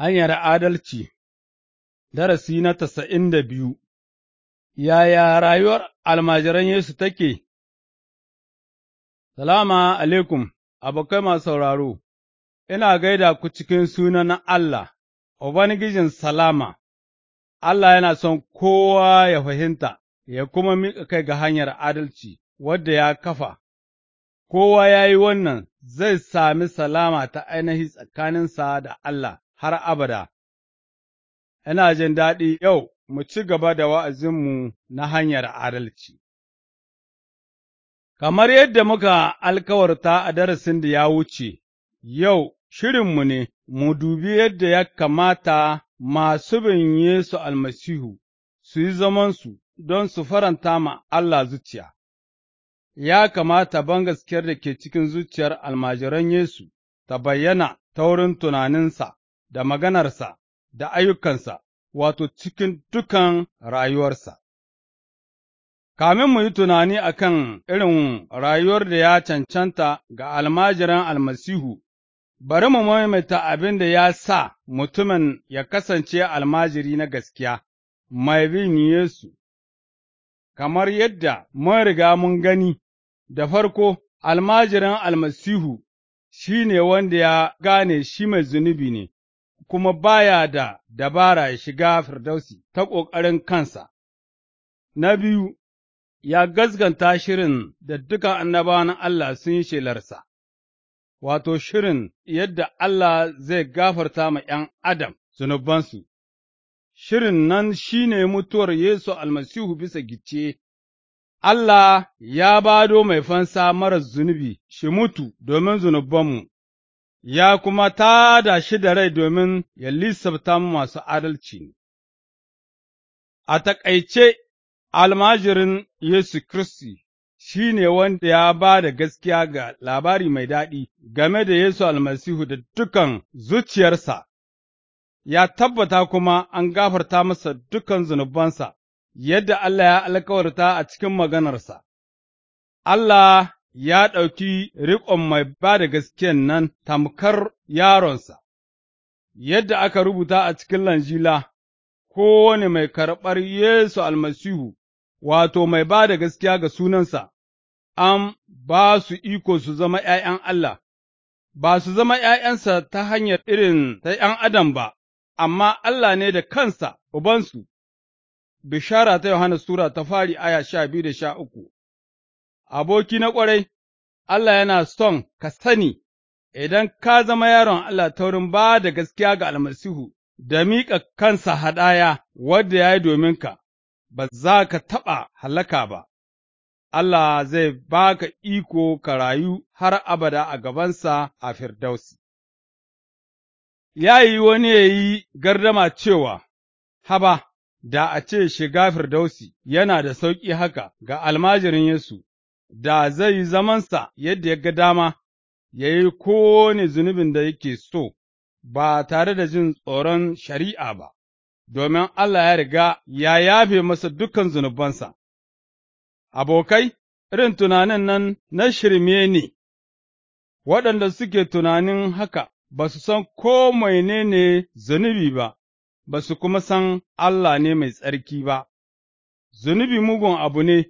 Hanyar adalci Darasi na tasa'in da biyu Yaya rayuwar almajiran Yesu take? Salama alaikum, abokai masu sauraro, ina gaida ku cikin sunan Allah, Ubangijin Salama, Allah yana son kowa ya fahimta, ya kuma miƙa kai ga hanyar adalci wadda ya kafa, kowa ya yi wannan zai sami salama ta ainihi tsakaninsa da Allah. har abada. Ina jin daɗi yau mu ci gaba da wa'azinmu na hanyar adalci. Kamar yadda muka alkawarta a darasin da ya wuce, yau shirinmu ne mu dubi yadda ya kamata masu bin Yesu almasihu su yi zamansu don su faranta ma Allah zuciya. Ya kamata bangaskiyar da ke cikin zuciyar almajiran Yesu ta bayyana ta wurin tunaninsa da maganarsa da ayyukansa, wato cikin dukan rayuwarsa. Kamin mu yi tunani a kan irin rayuwar da ya cancanta ga almajiran almasihu, bari mu maimaita abin da ya sa mutumin ya kasance almajiri na gaskiya, mai bin Yesu. Kamar yadda mun riga mun gani, da farko almajiran almasihu shi ne wanda ya gane shi mai zunubi ne, kuma baya da dabara ya shiga Firdausi ta ƙoƙarin kansa. Na biyu, ya gazganta shirin da dukan annabawan Allah sun shelarsa, wato shirin yadda Allah zai gafarta ma ’yan Adam zunubansu, shirin nan shi ne mutuwar Yesu almasihu bisa gice, Allah ya bado mai fansa marar zunubi shi mutu domin zunubanmu, ya kuma ta da shi da rai domin ya lissafta masu adalci. A taƙaice, almajirin Yesu Kiristi shi ne wanda ya ba da gaskiya ga labari mai daɗi game da Yesu almasihu da dukan zuciyarsa, ya tabbata kuma an gafarta masa dukan zunubansa, yadda Allah ya alkawarta a cikin maganarsa. Allah ya ɗauki riƙon mai ba da gaskiyan nan tamkar yaronsa, yadda aka rubuta a cikin lanjila, kowane mai karɓar Yesu almasihu, wato mai ba da gaskiya ga sunansa, an ba su iko su zama ’ya'yan Allah, ba su zama ’ya'yansa ta hanyar irin ta ’yan adam ba, amma Allah ne da kansa, ubansu. Bishara ta Yohana Sura ta fari aya sha biyu da sha uku aboki na ƙwarai, Allah yana son ka sani, idan ka zama yaron Allah ta wurin ba da gaskiya ga almasihu da miƙa kansa haɗaya wadda ya yi ka, ba za ka taɓa halaka ba. Allah zai ba ka iko ka rayu har abada a gabansa a Firdausi. Ya yi wani ya yi gardama cewa, Haba, da a ce shiga Firdausi yana da sauƙi haka ga almajirin Yesu, da zai yi zamansa yadda ya ga dama, ya yi kowane zunubin da yake so, ba tare da jin tsoron shari'a ba, domin Allah ya riga ya yafe masa dukan zunubansa. Abokai, irin tunanin nan na shirme ne, waɗanda suke tunanin haka ba su san ko ne zunubi ba, ba su kuma san Allah ne mai tsarki ba. Zunubi mugun abu ne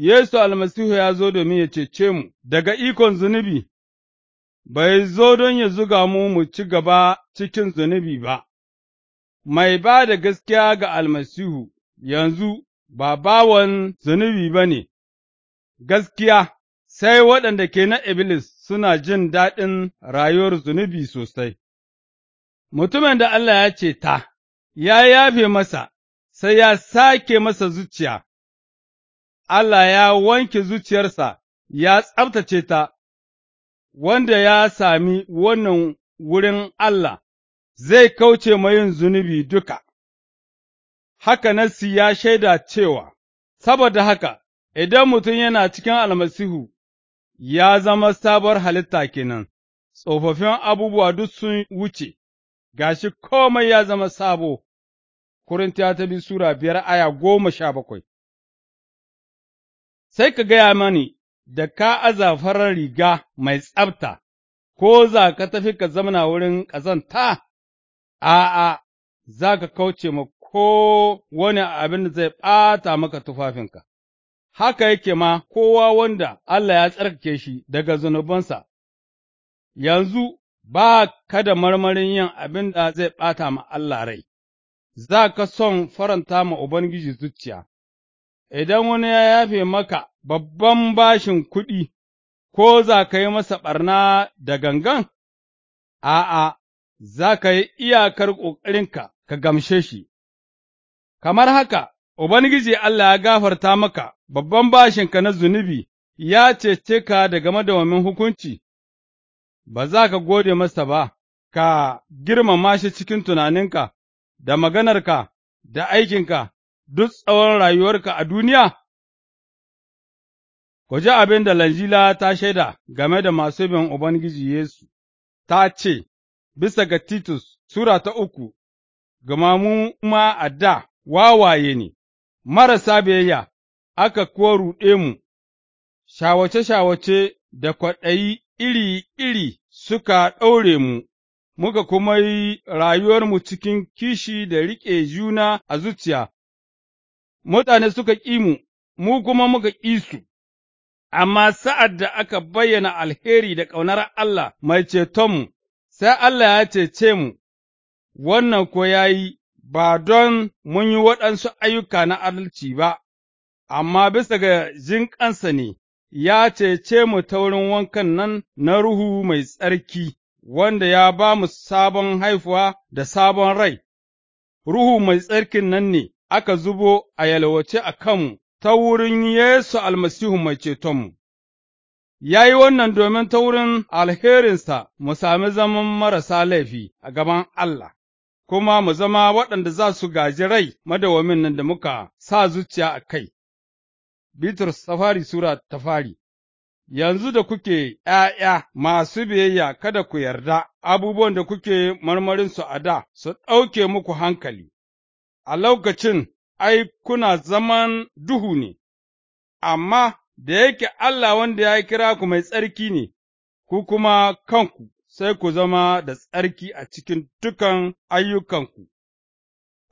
Yesu almasihu ya zo domin ya cece mu daga ikon zunubi, bai zo don ya zuga mu mu ci gaba cikin zunubi ba, mai ba da gaskiya ga almasihu yanzu ba bawan zunubi ba ne, gaskiya sai waɗanda ke na Iblis suna jin daɗin rayuwar zunubi sosai. Mutumin da Allah ya ce ta, ya yafe masa, sai ya sake masa zuciya. Allah ya wanke zuciyarsa ya tsabtace ta, wanda ya sami wannan wurin Allah zai kauce yin zunubi duka. Haka Nassi ya shaida cewa, saboda haka, idan mutum yana cikin almasihu, ya zama sabuwar halitta kenan, tsofaffin abubuwa duk sun wuce, gashi komai ya zama sabo. kurintiya ta bi Sura biyar aya goma sha bakwai sai ka gaya mani da ka aza farar riga mai tsabta, ko za ka tafi ka zamana wurin ƙazanta, a'a, za ka kauce ma ko wani abin da zai ɓata maka tufafinka, haka yake ma kowa wanda Allah ya tsarkake shi daga zunubansa, yanzu ba ka da marmarin yin abin da zai ɓata ma Allah rai, za ka son faranta ma Ubangiji zuciya, idan wani ya yafe maka babban bashin kuɗi, ko za ka yi masa ɓarna da gangan? A'a, za ka yi iyakar ƙoƙarinka ka gamshe shi, kamar haka, Ubangiji Allah ya gafarta maka babban bashinka na zunubi, ya cece ka daga madawamin hukunci, ba za ka gode masa ba, ka girmama shi cikin tunaninka, da maganarka, da aikinka, duk tsawon rayuwarka a duniya? Ku ji abin da Lanjila ta shaida game da masu bin Ubangiji Yesu, ta ce, Bisa ga Titus Sura ta uku, gama mu ma a da wawaye ne, marasa biyayya, aka kuwa ruɗe mu, shawace-shawace da kwaɗayi iri-iri suka ɗaure mu, muka kuma yi rayuwarmu cikin kishi da riƙe juna a zuciya, mutane suka ƙi mu, mu kuma muka ƙi su, amma sa'ad da aka bayyana alheri da ƙaunar Allah mai cetonmu, sai Allah ya cece mu, wannan ko ya yi ba don mun yi waɗansu ayyuka na adalci ba, amma bisa ga jinƙansa ne ya cece mu ta wurin wankan nan na Ruhu mai tsarki, wanda ya ba mu sabon haifuwa da sabon rai, Ruhu mai tsarkin nan ne aka zubo a yalwace a kanmu ta wurin Yesu almasihu mai cetonmu. Ya yi wannan domin ta wurin alherinsa mu sami zaman marasa laifi a gaban Allah, kuma mu zama waɗanda za su gaji rai madawamin nan da muka sa zuciya a kai. Bitrus Safari Sura ta fari Yanzu da kuke ’ya'ya masu biyayya kada ku yarda abubuwan da kuke marmarinsu a da su ɗauke muku hankali, a lokacin ai kuna zaman duhu ne, amma da yake Allah wanda ya kira ku mai tsarki ne, ku kuma kanku sai ku zama da tsarki a cikin dukan ayyukanku.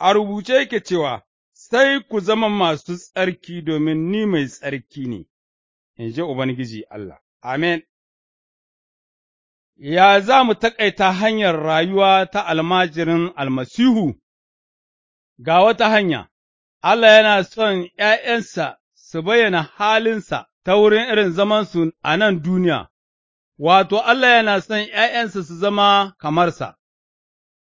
A rubuce yake cewa, Sai ku zama masu tsarki domin ni mai tsarki ne, in ji Ubangiji Allah, Amen. Ya za mu taƙaita hanyar rayuwa ta almajirin almasihu? Ga wata hanya, Allah yana son ’ya'yansa su bayyana halinsa ta wurin irin zamansu a nan duniya, wato, Allah yana son ’ya'yansa su zama kamarsa.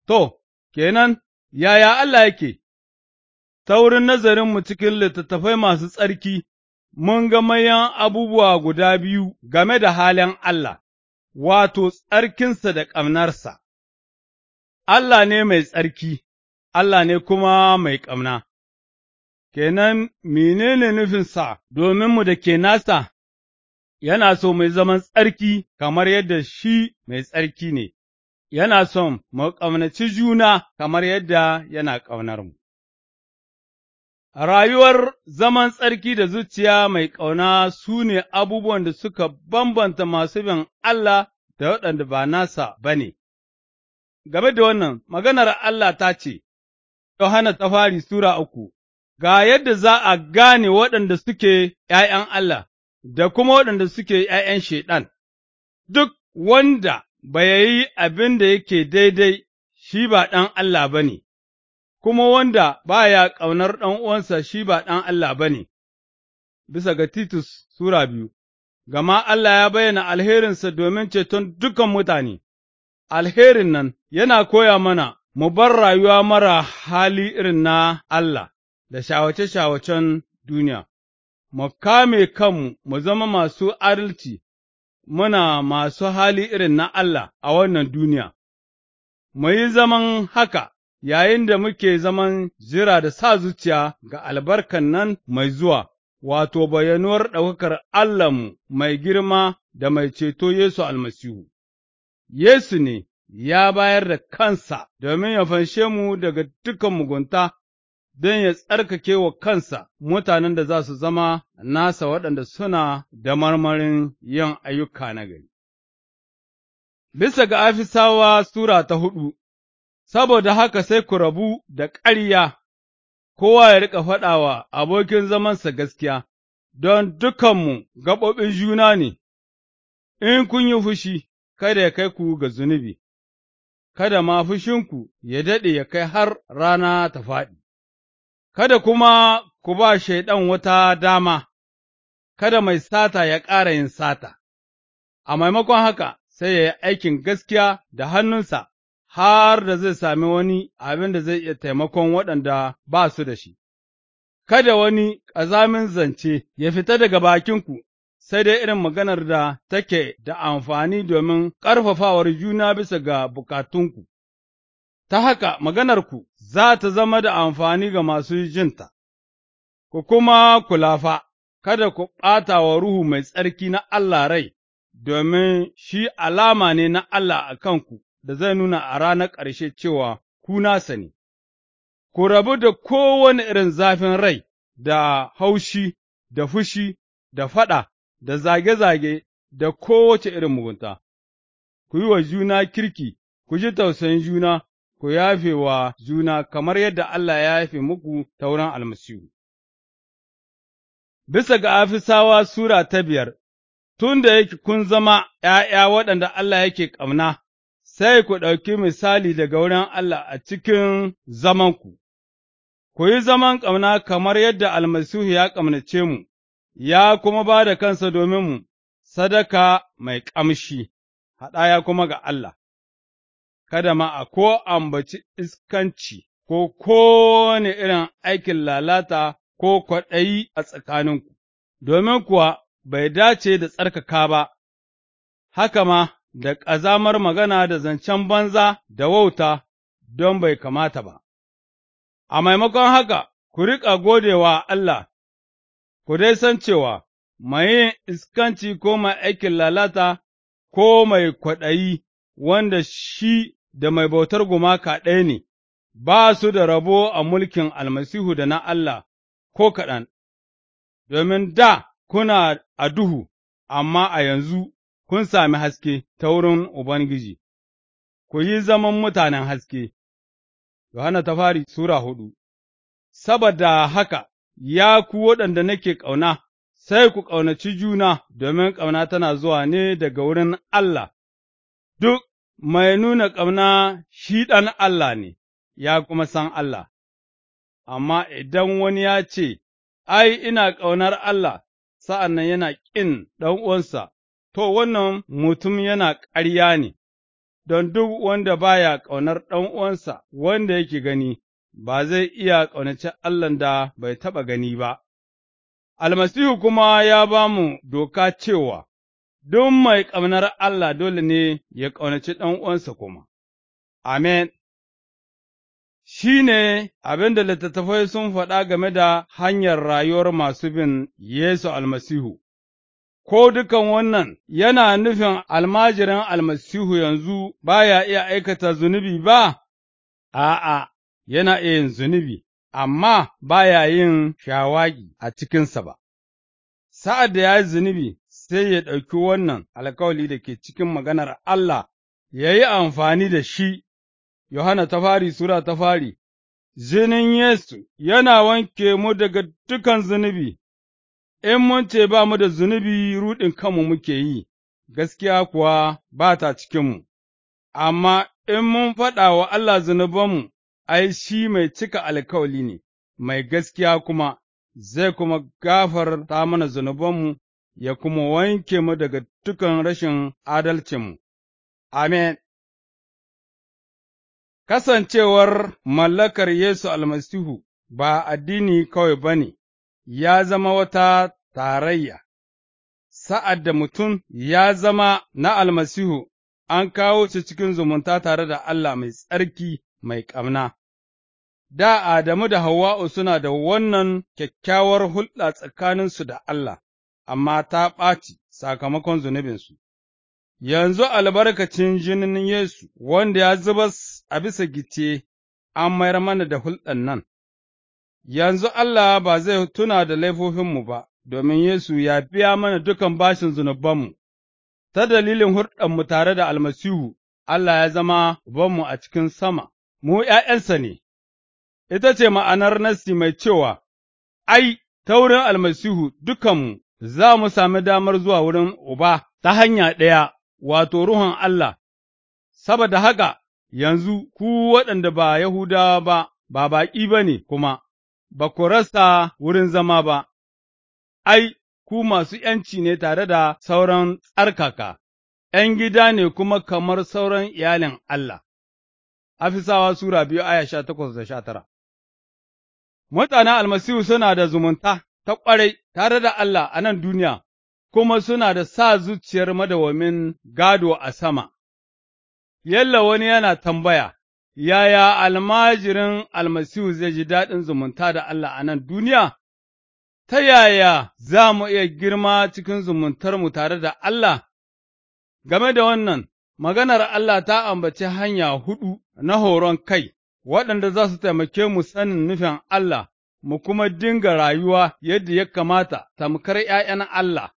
To, kenan, yaya Allah yake, ta wurin nazarinmu cikin littattafai masu tsarki, mun ga mayan abubuwa guda biyu game da halin Allah, wato, tsarkinsa da ƙamnarsa Allah ne mai tsarki, Allah ne kuma mai ƙamna. Kenan menene nufinsa mu da ke nasa, yana so mai zaman tsarki kamar yadda shi mai tsarki ne, yana son mu ƙaunaci juna kamar yadda yana ƙaunar mu. Rayuwar zaman tsarki da zuciya mai ƙauna su ne abubuwan da suka bambanta masu bin Allah da waɗanda ba nasa ba ne, game da wannan maganar Allah ta ce, Yohana ta fari Sura uku Ga yadda za a gane waɗanda suke ’ya'yan Allah da kuma waɗanda suke ’ya'yan Shaiɗan, duk wanda bai yi abin da yake daidai shi ba ɗan Allah ba ne, kuma wanda ba ya ƙaunar uwansa shi ba ɗan Allah ba ne, bisa ga Titus Sura biyu, gama Allah ya bayyana alherinsa domin ceton dukan mutane, alherin nan yana koya mana mu bar rayuwa mara hali irin na Allah da shawace-shawacen duniya, mu kame kanmu mu zama masu adalci, muna masu hali irin na Allah a wannan duniya, mu yi zaman haka yayin da muke zaman jira da sa zuciya ga albarkan nan mai zuwa, wato bayanuwar ɗaukakar Allahnmu mai girma da mai ceto Yesu almasihu. Yesu ne, ya bayar da kansa domin ya fanshe mu daga dukan mugunta, don ya tsarkake wa kansa mutanen da za su zama nasa waɗanda suna da marmarin yin ayyuka na gari. Bisa ga Afisawa Sura ta hudu, saboda haka sai ku rabu da ƙarya, kowa ya riƙa faɗawa abokin zamansa gaskiya, don dukanmu gaɓoɓin juna ne, in kun yi fushi, kada ya kai ku ga zunubi. kada ma fushinku ya daɗe ya kai har rana ta faɗi, kada kuma ku ba Shaiɗan wata dama, kada mai sata ya ƙara yin sata, a maimakon haka sai ya yi aikin gaskiya da hannunsa har da zai sami wani abin da zai iya taimakon waɗanda ba su da shi. Kada wani ƙazamin zance ya fita daga bakinku, sai dai irin maganar da take da amfani domin ƙarfafawar juna bisa ga bukatunku, ta haka maganarku za ta zama da amfani ga masu jinta, ku kuma kulafa, kada ku ɓata wa Ruhu mai tsarki na Allah rai, domin shi alama ne na Allah a kanku da zai nuna a ranar ƙarshe cewa ku nasa ne, ku rabu da kowane irin zafin rai da haushi da fushi da faɗa. da zage-zage da kowace irin mugunta, ku yi wa juna kirki, ku ji tausayin juna, ku yafe wa juna kamar yadda Allah ya yafe muku ta wurin almasihu. Bisa ga Afisawa Sura ta biyar, tun da yake kun zama ’ya'ya waɗanda Allah yake ƙamna, sai ku ɗauki misali daga wurin Allah a cikin zamanku, ku yi zaman ƙamna kamar yadda almasihu ya ƙamnace mu, ya kuma ba da kansa mu, sadaka mai ƙamshi, haɗaya kuma ga Allah, kada ma a ko ambaci iskanci ko kowane irin aikin lalata ko kwaɗayi a tsakaninku, domin kuwa bai dace da tsarkaka ba, haka ma da ƙazamar magana da zancen banza da wauta don bai kamata ba. A maimakon haka, ku riƙa godewa Allah ku dai san cewa mai iskanci ko mai aikin lalata ko mai kwaɗayi wanda shi da mai bautar gumaka ɗaya ne, ba su da rabo a mulkin almasihu da na Allah ko kaɗan, domin da kuna a duhu, amma a yanzu kun sami haske ta wurin Ubangiji, ku yi zaman mutanen haske. Yohana ta fari Sura hudu Saboda haka, Ya ku waɗanda nake ƙauna, sai ku ƙaunaci juna, domin ƙauna tana zuwa ne daga wurin Allah, duk mai nuna ƙauna shi ɗan Allah ne, ya kuma san Allah, amma idan wani ya ce, Ai, ina ƙaunar Allah, sa'an nan yana ƙin ɗan'uwansa, to, wannan mutum yana ƙarya ne, don duk wanda baya ƙaunar ɗan'uwansa wanda yake gani, ba zai iya ƙaunaci Allah da bai taɓa gani ba. Almasihu kuma ya ba mu doka cewa, Duk mai ƙaunar Allah dole ne ya ƙaunaci ɗan'uwansa kuma, Amen. Shi ne abin da littattafai sun faɗa game da hanyar rayuwar masu bin Yesu almasihu. Ko dukan wannan yana nufin almajirin almasihu yanzu baya iya aikata zunubi ba? A'a, yana iya yin zunubi, amma ba ya yin shawagi a cikinsa ba. Sa'ad da ya yi zunubi, sai ya ɗauki wannan alkawali da ke cikin maganar Allah, ya yi amfani da shi, Yohana ta fari Sura ta fari, zinin Yesu yana wanke mu daga dukan zunubi, in mun ce ba mu da zunubi ruɗin kanmu muke yi, gaskiya kuwa ba ta cikinmu, amma in mun faɗa wa Allah zunubanmu, ai, shi mai cika alkawali ne, mai gaskiya kuma, zai kuma gafarta mana zunubanmu, ya kuma wanke mu daga dukan rashin adalcinmu. Amen. Kasancewar mallakar Yesu almasihu ba addini kawai ba ne, ya zama wata tarayya, sa'ad da mutum ya zama na almasihu, an kawo shi cikin zumunta tare da Allah mai tsarki mai ƙamna. Da Adamu da Hawwa'u suna da wannan kyakkyawar hulɗa tsakaninsu da Allah, amma ta ɓaci sakamakon zunubinsu. Yanzu albarkacin jinin Yesu wanda ya zubas a bisa gice an mayar mana da hulɗan nan, yanzu Allah ba zai tuna da laifofinmu ba, domin Yesu ya biya mana dukan bashin zunubanmu, ta dalilin hulɗanmu tare da almasihu, Allah ya zama banmu a cikin sama. mu ’ya'yansa ne, ita ce ma'anar Nassi mai cewa, Ai, ta wurin almasihu dukanmu za mu sami damar zuwa wurin Uba ta hanya ɗaya, wato, Ruhun Allah, saboda haka yanzu ku waɗanda ba Yahudawa ba, ba baƙi ba ne kuma, ba ku rasa wurin zama ba, ai, ku masu ’yanci ne tare da sauran tsarkaka, ’yan gida ne kuma kamar sauran iyalin Allah. Afisawa Sura biyu aya sha takwas da sha tara. Mutanen almasihu suna da zumunta ta ƙwarai tare da Allah a nan duniya, kuma suna da sa zuciyar madawamin gado a sama. Yalla wani yana tambaya, yaya almajirin almasihu zai ji daɗin zumunta da Allah a nan duniya? Ta yaya za mu iya girma cikin zumuntarmu tare da Allah? Game da wannan, maganar Allah ta ambaci hanya huɗu na horon kai, waɗanda za su taimake mu sanin nufin Allah, mu kuma dinga rayuwa yadda ya kamata, tamkar ’ya'yan Allah,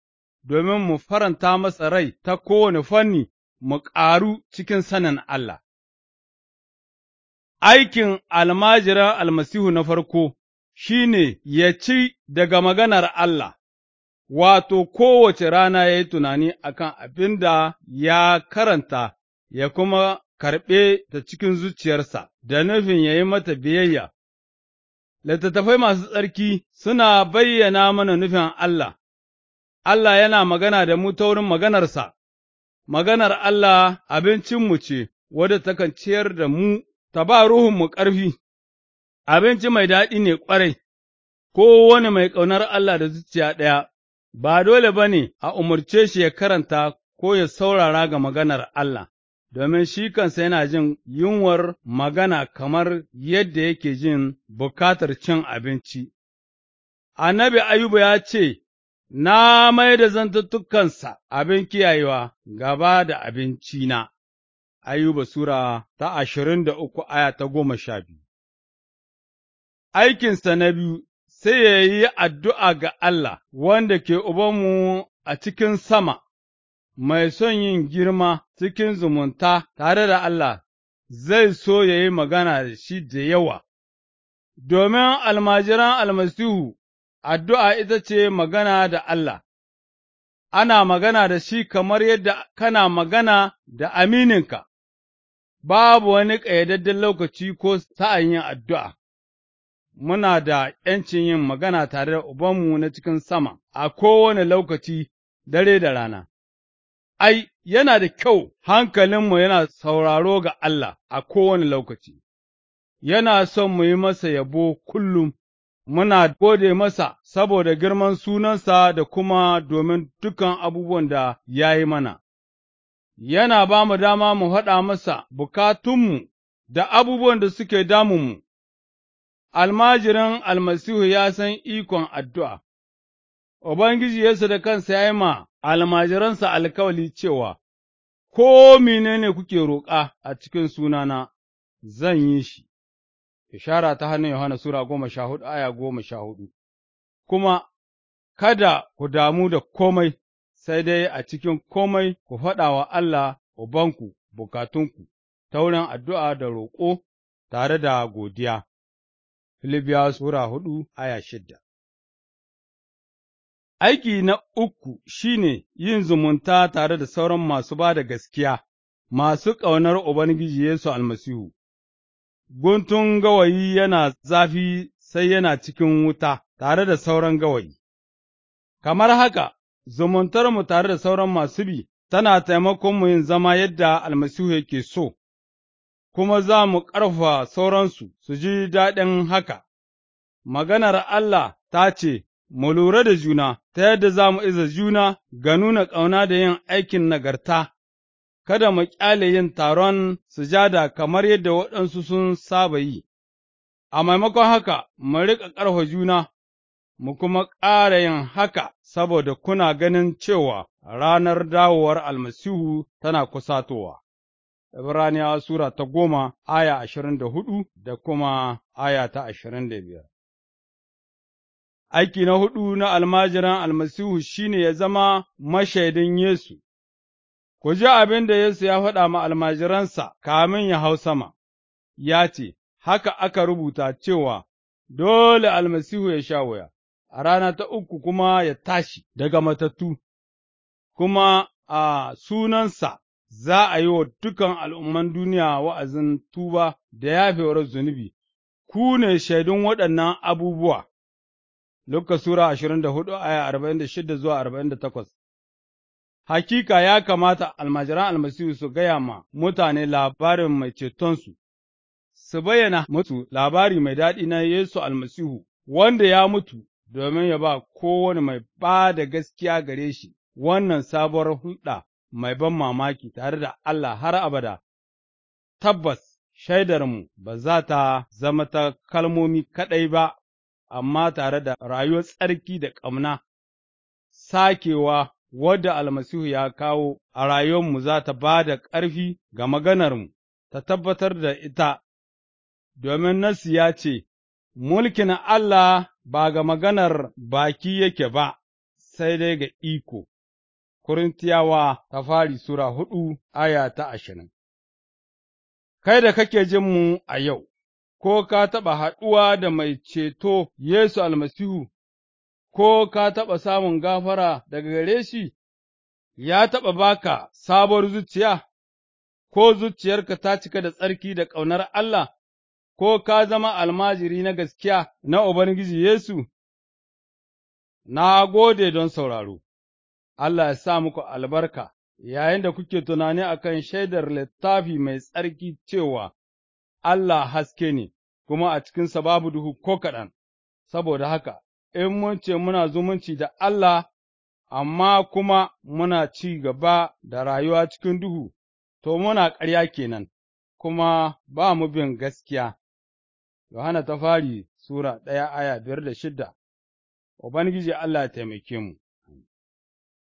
domin mu faranta masa rai ta kowane fanni, mu ƙaru cikin sanin Allah. Aikin almajiran almasihu na farko shi ne ya ci daga maganar Allah. wato, kowace rana ya yi tunani a kan abin da ya karanta, ya kuma karɓe ta cikin zuciyarsa, da nufin ya yi mata biyayya. Littattafai masu tsarki suna bayyana mana nufin Allah, Allah yana magana da mu ta wurin maganarsa, maganar Allah abincinmu ce, wadda takan ciyar da mu, ta ba ruhunmu ƙarfi, abinci mai daɗi ne ƙwarai, kowane mai ƙaunar Allah da zuciya ɗaya ba dole ba ne a umarce shi ya karanta ko ya saurara ga maganar Allah, domin shi kansa yana jin yunwar magana kamar yadda yake jin bukatar cin abinci. Annabi Ayuba ya ce, Na mai da zantuttukansa abin kiyayewa gaba da abincina, Ayuba Sura ta ashirin da uku aya ta goma sha biyu. Aikinsa na biyu sai ya yi addu'a ga Allah, wanda ke ubanmu a cikin sama, mai son yin girma cikin zumunta tare da Allah, zai so ya yi magana da shi da yawa. Domin almajiran almasihu, addu'a ita ce magana da Allah, ana magana da shi kamar yadda kana magana da amininka, babu wani ƙayyadaddun lokaci ko sa'an yin addu'a. muna da ’yancin yin magana tare da Ubanmu na cikin sama a kowane lokaci, dare da rana. Ai, yana da kyau hankalinmu yana sauraro ga Allah a kowane lokaci, yana son mu yi masa yabo kullum, muna gode masa saboda girman sunansa da kuma domin dukan abubuwan da ya yi mana. Yana ba mu dama mu haɗa masa bukatunmu da abubuwan da suke damunmu. almajirin almasihu ya san ikon addu'a, Ubangiji Yesu da kansa ya yi ma almajiransa alkawali cewa, Ko menene kuke roƙa a cikin sunana, zan yi shi, ishara ta hannun Yohana Sura goma sha hudu aya goma sha hudu, kuma kada ku damu da komai, sai dai a cikin komai ku faɗa wa Allah Ubanku bukatunku ta wurin addu'a da roƙo tare da godiya. Filibiyawa Sura hudu aya shidda Aiki na uku shine yin zumunta tare da sauran masu ba da gaskiya, masu ƙaunar Ubangiji Yesu almasihu. Guntun gawayi yana zafi sai yana cikin wuta tare da sauran gawayi. Kamar haka, zumuntarmu tare da sauran masu bi tana taimakon mu yin zama yadda almasihu yake so. kuma za mu ƙarfa sauransu su ji daɗin haka. Maganar Allah ta ce, Mu lura da juna, ta yadda za mu iza juna ga nuna ƙauna da yin aikin nagarta, kada mu ƙyale yin taron sujada kamar yadda waɗansu sun saba yi, a maimakon haka mu riƙa ƙarfa juna, mu kuma ƙara yin haka saboda kuna ganin cewa ranar dawowar almasihu tana kusatowa. Ibraniyawa Sura ta goma aya ashirin da hudu da kuma aya ta ashirin da biyar. Aiki na hudu na almajiran almasihu shi ne ya zama mashaidin Yesu, ku ji abin da Yesu ya faɗa ma almajiransa kamin ya hau sama, ya ce, Haka aka rubuta cewa dole almasihu ya sha wuya, a rana ta uku kuma ya tashi daga matattu, kuma a sunansa za a yi wa dukan al'umman duniya wa'azin tuba da yafewar zunubi, ku ne shaidun waɗannan abubuwa. Luka Sura ashirin da hudu aya arba'in da shida zuwa arba'in da takwas Hakika ya kamata almajiran almasihu su gaya ma mutane labarin mai cetonsu, su bayyana mutu labari mai daɗi na Yesu almasihu, wanda ya mutu domin ya ba kowane mai ba da gaskiya gare shi wannan sabuwar hulɗa mai ban mamaki tare da Allah har abada, tabbas shaidarmu ba za ta zama ta kalmomi kaɗai ba, amma tare da rayuwar tsarki da ƙamna, sakewa wadda almasihu ya kawo a rayuwarmu za ta ba da ƙarfi ga maganarmu, ta tabbatar da ita, domin nasu ya ce, Mulkin Allah ba ga maganar baki yake ba, sai dai ga iko. Korintiyawa ta fari Sura hudu aya ta ashirin Kai da kake jin mu a yau, ko ka taɓa haɗuwa da mai ceto Yesu almasihu, ko ka taɓa samun gafara daga gare shi, ya taɓa baka sabuwar zuciya, ko zuciyarka ta cika da tsarki da ƙaunar Allah, ko ka zama almajiri na gaskiya na Ubangiji Yesu, na gode don sauraro. Allah ya sa muku albarka, yayin da kuke tunani a kan shaidar littafi mai tsarki cewa Allah haske ne, kuma a cikinsa babu duhu ko kaɗan, saboda haka, in mun ce muna zumunci da Allah, amma kuma muna ci gaba da rayuwa cikin duhu, to muna ƙarya kenan, kuma ba mu bin gaskiya. Yohana ta fari Sura ɗaya aya biyar da shidda Ubangiji Allah ya taimake mu.